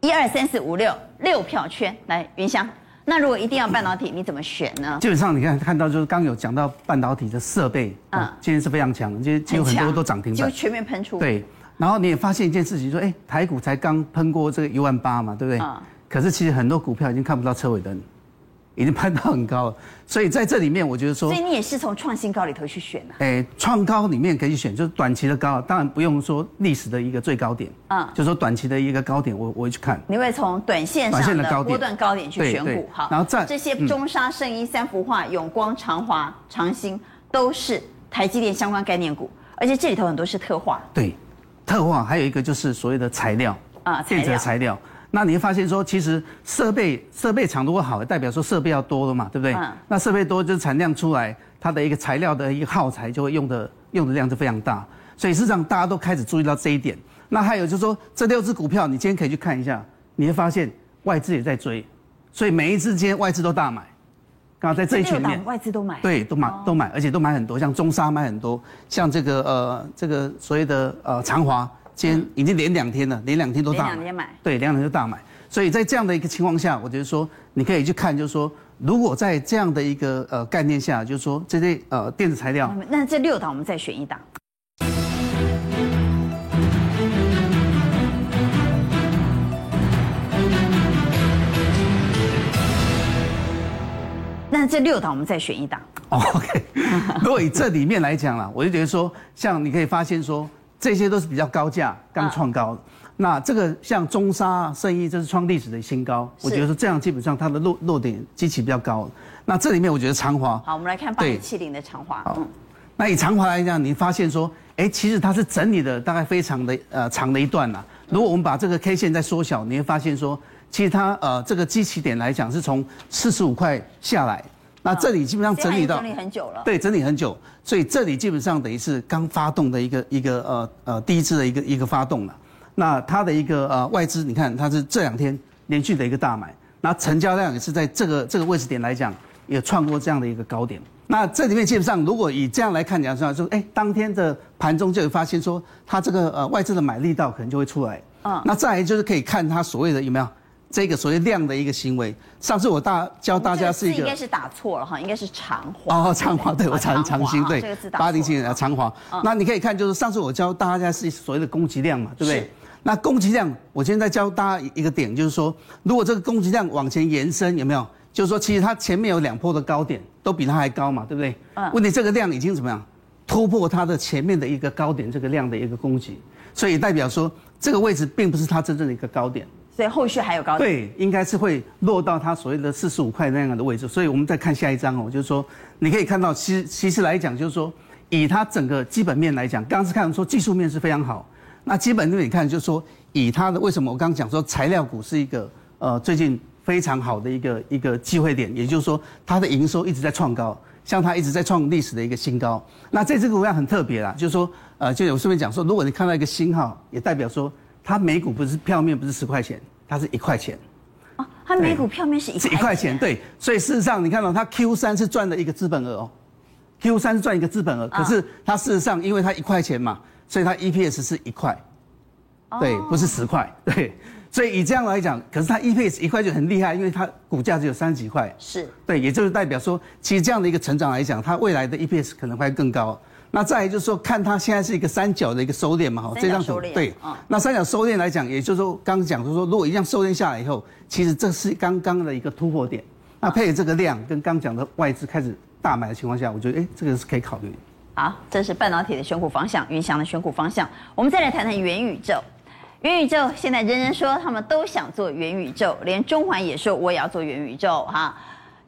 一二三四五六，六票圈。來，雲翔，那如果一定要半導體，你怎麼選呢？基本上你看看到就是剛剛有講到半導體的設備啊，嗯，今天是非常強，今天今天很多都漲停，就全面噴出。對。然後你也發現一件事情說，說哎，台股才剛噴過這個一萬八嘛，對不對？嗯、可是其實很多股票已經看不到車尾燈，已經噴到很高了。所以在這裡面，我覺得說，所以你也是從創新高裡頭去選的、啊、哎，創高裡面可以選，就是短期的高，當然不用說歷史的一個最高點。嗯。就說短期的一個高點，我我會去看。你會從短線上的波段高點去選股，好。然後這這些中砂、勝一、三福化、嗯、永光長華長興都是台積電相關概念股，而且這裡頭很多是特化。對。特化還有一個就是所謂的材料啊，電子材料。那你會發現說，其實設備設備廠如果好，代表說設備要多了嘛，對不對？啊、那設備多就是產量出來，它的一個材料的一個耗材就會用的用的量就非常大。所以市場大家都開始注意到這一點。那還有就是說，這六只股票你今天可以去看一下，你會發現外資也在追，所以每一支今天外資都大買。然後在這一圈裡面，外資都買，對，都買，都買，而且都買很多，像中砂買很多，像這個呃，這個所謂的呃長華，今天已經連兩天了，連兩天都大，連兩天買，對，連兩天都大買。所以在這樣的一個情況下，我覺得說你可以去看，就是說如果在這樣的一個呃概念下，就是說這些呃電子材料，那這六檔我們再選一檔。那這六檔我們再選一檔。Oh, OK， 如果以這裡面來講啦，我就覺得說，像你可以發現說，這些都是比較高價剛創高的。Uh, 那這個像中砂、勝一，這是創歷史的新高。是我覺得說這樣基本上它的落落點機率比較高。那這裡面我覺得長華。好，我們來看八零七零的長華。嗯，那以長華來講，你發現說，哎，其實它是整理的大概非常的呃長的一段啦。如果我們把這個 K 線再縮小，你會發現說。其實它呃，這個基期點來講是從四十五塊下來，那這裡基本上整理到、啊、整理很久了。對，整理很久，所以這裡基本上等於是剛發動的一個一個呃呃第一次的一個一個發動了。那它的一個呃外資，你看它是這兩天連續的一個大買，那成交量也是在這個這個位置點來講也創過這樣的一個高點。那這裡面基本上如果以這樣來看講出來，就哎，當天的盤中就會發現說，它這個呃外資的買力道可能就會出來。嗯、啊，那再來就是可以看它所謂的有沒有。這個所謂量的一個行為，上次我大教大家是一個，哦這個、應該是打錯了哈，應該是長華哦，長華對，我長長興，對，八零七年長華、嗯、那你可以看，就是上次我教大家是所謂的攻擊量嘛，對不對？是那攻擊量，我現在教大家一個點，就是說，如果這個攻擊量往前延伸，有沒有？就是說，其實它前面有兩波的高點，都比它還高嘛，對不對？嗯、問題這個量已經怎麼樣突破它的前面的一個高點，這個量的一個攻擊，所以代表說這個位置並不是它真正的一個高點。所以後續還有高點，對，應該是會落到它所謂的四十五塊那樣的位置。所以我們再看下一張哦，就是說你可以看到，其其實來講，就是說以它整個基本面來講，剛剛是看說技術面是非常好，那基本上你看就是說以它的為什麼我剛剛講說材料股是一個呃最近非常好的一個一個機會點，也就是說它的營收一直在創高，像它一直在創歷史的一個新高。那這支股票很特別啦，就是說呃，就有順便講說，如果你看到一個星號，也代表說。它每股不是票面不是十塊錢，它是一塊錢，哦，它每股票面是一，是一塊錢，對，所以事實上你看到，哦、它 Q 三是賺了一個資本額哦，Q 三是賺一個資本額，哦，可是它事實上因為它一塊錢嘛，所以它 EPS 是一塊，哦，對，不是十塊，對，所以以這樣來講，可是它 EPS 一塊就很厲害，因為它股價只有三十幾塊，是對，也就是代表說，其實這樣的一個成長來講，它未來的 EPS 可能會更高。那再也就是說，看它現在是一個三角的一個收斂嘛，哈，這樣子對。哦、那三角收斂來講，也就是說，剛講就是說，如果一樣收斂下來以後，其實這是剛剛的一個突破點。哦、那配合這個量，跟剛講的外資開始大買的情況下，我覺得哎、欸，這個是可以考慮。好，這是半導體的選股方向，雲翔的選股方向。我們再來談談元宇宙。元宇宙現在人人說他們都想做元宇宙，連中環也說我也要做元宇宙哈。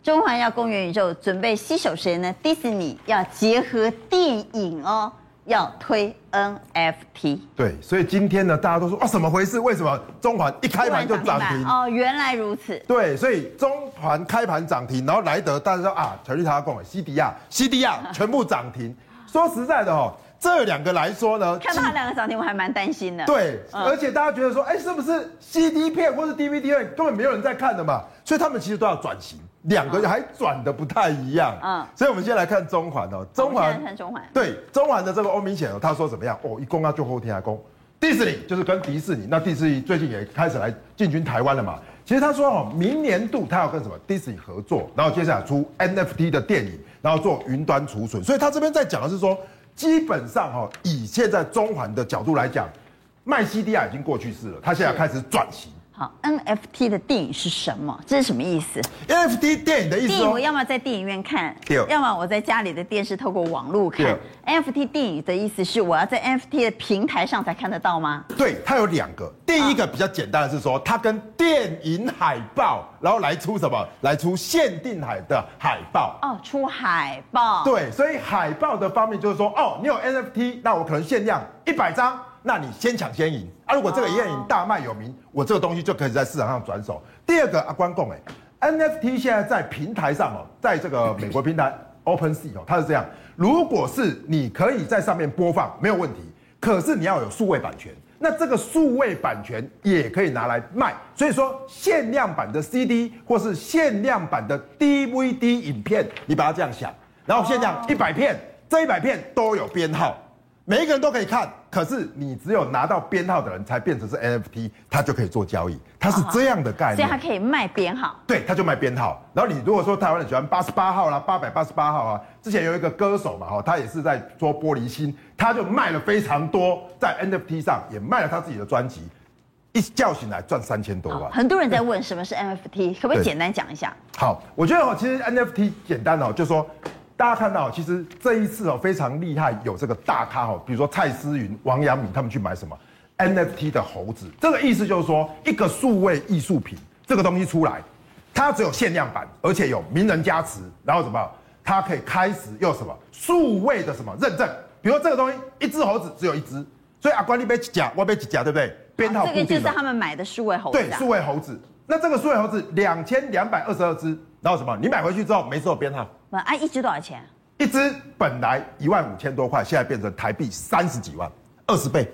中環要公元宇宙準備吸手誰呢？迪士尼要結合電影哦，要推 NFT。對，所以今天呢，大家都說啊，怎、哦、麼回事？為什麼中環一開盤就漲停？哦，原來如此。對，所以中環開盤漲停，然後萊德大家說啊，全綠塔共、CD-R、CD-R 全部漲停。 說實在的哦，這兩個來說呢，看到他兩個漲停，我還蠻擔心的。對，哦、而且大家覺得說，哎、欸，是不是 C D 片或是 D V D 片根本沒有人在看的嘛？所以他們其實都要轉型。兩個還轉的不太一樣，啊，所以我們先來看中環、喔、哦，中環中環，對中環的這個歐明顯哦，他說怎麼樣？哦，一攻啊就後天啊攻，迪士尼就是跟迪士尼，那迪士尼最近也開始來進軍台灣了嘛。其實他說哦、喔，明年度他要跟什麼迪士尼合作，然後接下來出 N F T 的電影，然後做雲端儲存。所以他這邊在講的是說，基本上哈、喔，以現在中環的角度來講，麥西迪亞已經過去式了，他現在開始轉型。好，NFT 的電影是什麼？這是什麼意思？NFT 電影的意思是？電影我要麼在電影院看，對要麼我在家裡的電視透過網絡看。對 NFT 電影的意思是我要在 NFT 的平台上才看得到嗎？對，它有兩個。第一個比較簡單的是說，嗯，它跟電影海報，然後來出什麼？來出限定海的海報。哦，出海報。對，所以海報的方面就是說，哦，你有 NFT，那我可能限量一百張。那你先搶先贏啊！如果這個電影大賣有名，我這個東西就可以在市場上轉手。第二個啊，關共誒，NFT 現在在平台上哦，在這個美國平台 OpenSea 哦，它是這樣：如果是你可以在上面播放，沒有問題。可是你要有數位版權，那這個數位版權也可以拿來賣。所以說限量版的 CD 或是限量版的 DVD 影片，你把它這樣想，然後限量一百片，這一百片都有編號。每一個人都可以看，可是你只有拿到編號的人才變成是 NFT，他就可以做交易。他是這樣的概念，哦、所以他可以賣編號。對，他就賣編號。然後你如果說台灣人喜歡八十八號啦、啊、八百八十八號啊，之前有一個歌手嘛，哈，他也是在做玻璃心，他就賣了非常多在，在 NFT 上也賣了他自己的專輯，一覺醒來賺三千多萬、哦。很多人在問什麼是 NFT，、嗯、可不可以簡單講一下？好，我覺得哦、喔，其實 NFT 簡單哦、喔，就是說。大家看到，其實這一次哦非常厲害，有這個大咖哦，比如說蔡詩芸、王陽明，他們去買什麼 NFT 的猴子，這個意思就是說，一個數位藝術品這個東西出來，它只有限量版，而且有名人加持，然後怎麼樣，它可以開始用什麼數位的什麼認證，比如說這個東西一只猴子只有一只，所以啊，關你邊幾家，我那邊幾家，對不對？編號這個就是他們買的數位猴子，對，數位猴子。那這個塑料猴子兩千兩百二十二隻，然後什麼？你買回去之後沒收編號。那一隻多少錢？一隻本來一萬五千多塊，現在變成台幣三十幾萬，二十倍。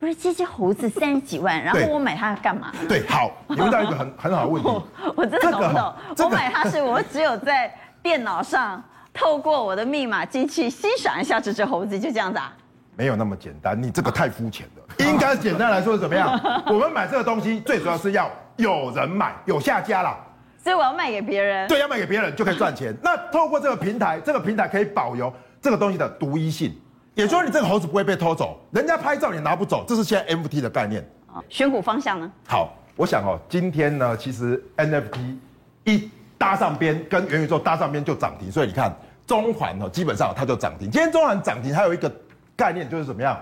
不是這隻猴子三十幾萬，然後我買它幹嘛？對，好，你問到一個很很好的問題。我真的搞不懂，我買它是我只有在電腦上透過我的密碼進去欣賞一下這隻猴子，就這樣子啊？沒有那麼簡單，你這個太膚淺了。應該簡單來說是怎麼樣？我們買這個東西最主要是要。有人買，有下家啦。所以我要賣給別人。對，要賣給別人就可以賺錢。 那透過這個平台，這個平台可以保留這個東西的獨一性，也就是說你這個猴子不會被偷走，人家拍照也拿不走，這是現在 NFT 的概念。啊，選股方向呢？好，我想哦，今天呢，其實 NFT 一搭上邊，跟元宇宙搭上邊就漲停，所以你看中環哦，基本上它就漲停。今天中環漲停，它有一個概念就是怎麼樣？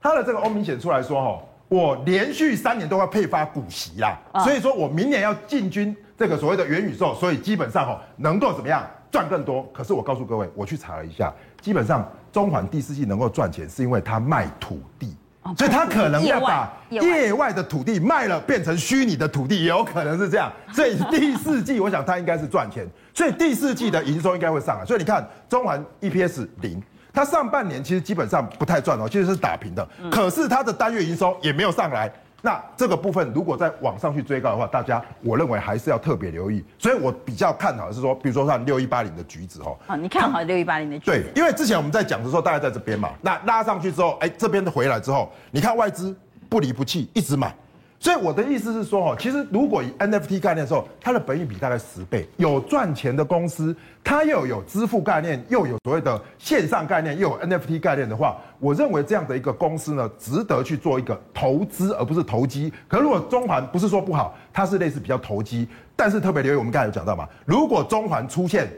它的這個歐明顯出來說哦。我連續三年都會配發股息啦，所以說我明年要進軍這個所謂的元宇宙，所以基本上哦、喔，能夠怎麼樣賺更多？可是我告訴各位，我去查了一下，基本上中環第四季能夠賺錢，是因為他賣土地，所以他可能要把業外的土地賣了，變成虛擬的土地，也有可能是這樣。所以第四季，我想他應該是賺錢，所以第四季的營收應該會上來。所以你看，中環 EPS 零。它上半年其實基本上不太賺哦、喔，其實是打平的。嗯、可是它的單月營收也沒有上來，那這個部分如果再往上去追高的話，大家我認為還是要特別留意。所以我比較看好的是說，比如說像六一八零的橘子、喔、哦，你看好六一八零的橘子、嗯？對，因為之前我們在講的時候大概在這邊嘛，那拉上去之後，哎、欸，這邊回來之後，你看外資不離不棄，一直買。所以我的意思是說，哈，其實如果以 NFT 概念的時候，它的本益比大概十倍，有賺錢的公司，它又有支付概念，又有所謂的線上概念，又有 NFT 概念的話，我認為這樣的一個公司呢，值得去做一個投資，而不是投機。可如果中環不是說不好，它是類似比較投機，但是特別留意我們剛才有講到嘛，如果中環出現。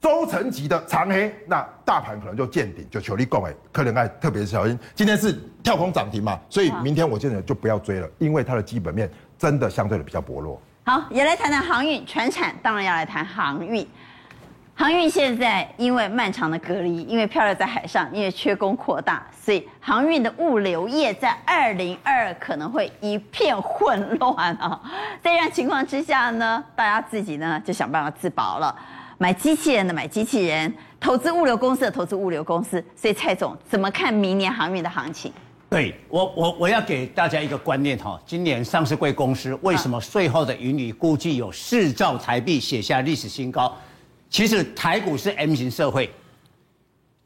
周成級的長黑，那大盤可能就見頂，就求利夠哎，可能還特別小心。今天是跳空漲停嘛，所以明天我現在就不要追了，因為它的基本面真的相對的比較薄弱。好，也來談談航運船產，當然要來談航運。航運現在因為漫長的隔離，因為漂流在海上，因為缺工擴大，所以航運的物流業在二零二二可能會一片混亂啊、哦。在這樣情況之下呢，大家自己呢就想辦法自保了。買機器人的買機器人，投資物流公司的投資物流公司，所以蔡總怎麼看明年航運的行情？對，我我我要給大家一個觀念哈，今年上市櫃公司為什麼稅後的盈餘估計有四兆台幣寫下歷史新高？其實台股是 M 型社會，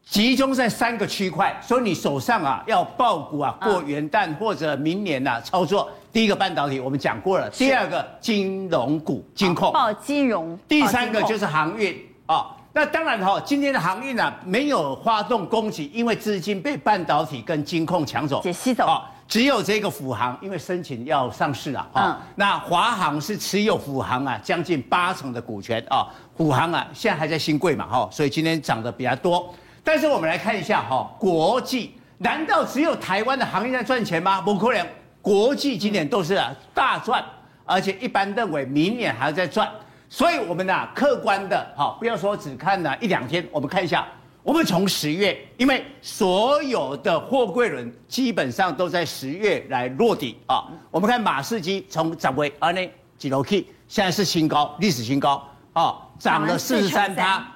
集中在三個區塊，所以你手上啊要抱股啊過元旦或者明年吶、啊、操作。第一個半導體我們講過了，第二個金融股是金控、啊，報金融，第三個就是航運控哦，那當然哈、哦，今天的航運呢、啊，沒有發動攻擊，因為資金被半導體跟金控搶走，吸走了、哦。只有這個虎航，因為申請要上市啊，啊、嗯哦，那華航是持有虎航啊將近八成的股權、哦、航啊。虎航啊現在還在興櫃嘛，哈、哦，所以今天漲得比較多。但是我們來看一下哈、哦，國際難道只有台灣的航運在賺錢嗎？不可能。國際今年都是大賺，嗯、而且一般認為明年還要再賺，嗯、所以我們啊，客觀的哈，不要說只看呢一兩天，我們看一下，我們從十月，因為所有的貨櫃輪基本上都在十月來落底啊，我們看馬士基從漲回二零幾樓去，現在是新高，歷史新高啊，漲了四十三，它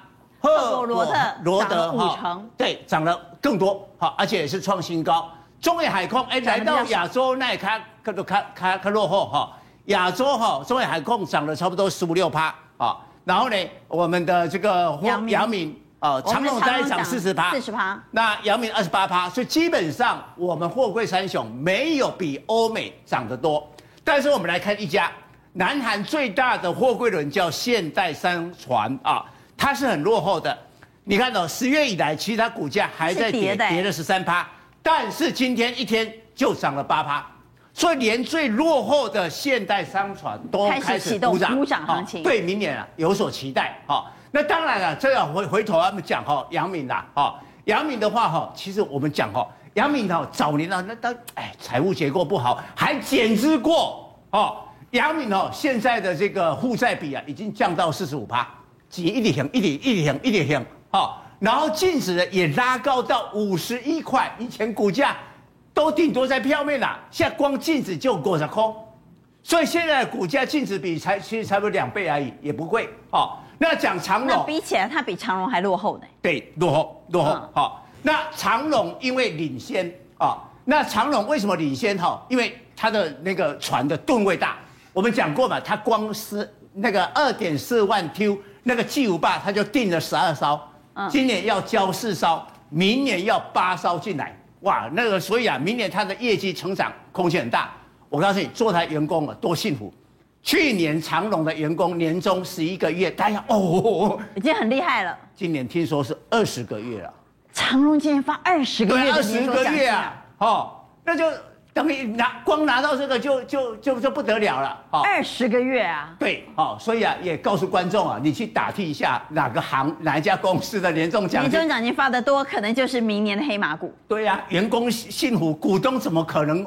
赫羅德羅德哈，對，漲了更多好，而且也是創新高。中遠海控哎、欸，來到亞洲那也看，看到看看看落後哈。亞、哦、洲哈，中遠海控漲了差不多十五六趴啊。然後呢，我們的這個陽陽明，明呃，常常長榮在漲四十趴，四十趴，那陽明二十八趴，所以基本上我們貨櫃三雄沒有比歐美漲得多。但是我們來看一家南韓最大的貨櫃輪叫現代商船啊，哦，它是很落後的。你看哦，十月以來，其實它股價還在跌，跌，的欸、跌了十三趴。但是今天一天就漲了八趴，所以連最落後的現代商船都開始鼓掌，鼓掌行情，哦、對明年、啊、有所期待。哈，那當然了、啊，這要回回頭我們講哈，陽明吶，哈，陽明的話哈、哦，其實我們講哈，陽明呢早年呢、啊、那當哎財務結構不好，還減資過哦。陽明哦現在的這個負債比啊已經降到四十五趴，幾一點行，一點一點行，一點行，哈。然後淨值也拉高到五十一塊，以前股價都頂多在票面了，現在光淨值就過十空，所以現在的股價淨值比才其實差不多兩倍而已，也不貴。哦，那講長榮，比起來它比長榮還落後呢。對，落後落後。好、嗯哦，那長榮因為領先哦，那長榮為什麼領先哈？因為它的那個船的噸位大，我們講過嘛，它光是那個二點四萬 Q，那個巨無霸，它就訂了十二艘。嗯、今年要交四艘，明年要八艘進來，哇，那個所以啊，明年他的業績成長空間很大。我告訴你，做他員工啊，多幸福。去年長榮的員工年終十一個月，大家哦，已經很厲害了。今年聽說是二十個月了。長榮今年發二十個月的年終獎，啊、對，二十個月啊，哦，那就。他們拿光拿到這個就就就就不得了了啊！二、哦、十個月啊？對、哦，所以啊，也告訴觀眾啊，你去打聽一下哪個行哪一家公司的年終獎，年終獎金中發得多，可能就是明年的黑馬股。對呀、啊，員工幸福，股東怎麼可能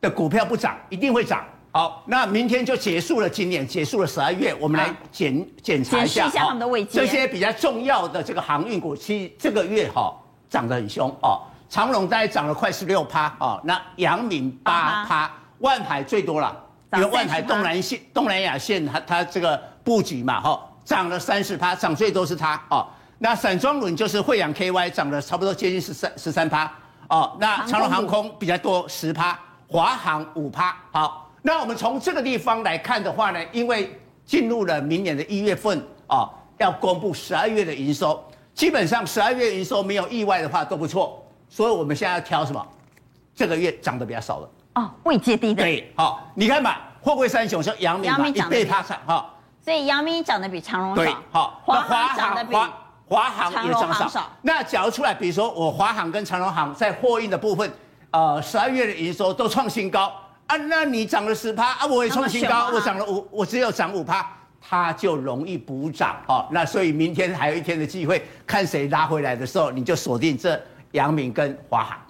的股票不漲？一定會漲。好，那明天就結束了，今年結束了十二月，我們來檢、啊、檢查一下、一下、哦、這些比較重要的這個航運股，其實這個月哈、哦，漲得很凶哦。長榮大概漲了快十六趴哦，那陽明八趴，萬海最多了，因為萬海東南線東南亞線它它這個布局嘛長，哈，漲了三十趴，漲最多是它哦。那散裝輪就是慧洋 K Y 漲了差不多接近十三十三趴哦。那長榮航空比較多十趴，華航五趴。好，那我們從這個地方來看的話呢，因為進入了明年的一月份啊，哦，要公布十二月的營收，基本上十二月營收沒有意外的話都不錯。所以我們現在要挑什麼？這個月漲得比較少了哦，位階低的。對，好、哦，你看吧，貨櫃三雄是陽明吧？被他搶哈。哦、所以陽明漲得比長榮少。對，好、哦。華航漲的比長榮少。那，少嗯、那假如出來，比如說我華航跟長榮航在貨運的部分，呃，十二月的營收都創新高啊，那你漲了十趴啊，我也創新高，我漲了五，我只有漲五趴，它就容易補漲啊。那所以明天還有一天的機會，看誰拉回來的時候，你就鎖定這。陽明跟華海。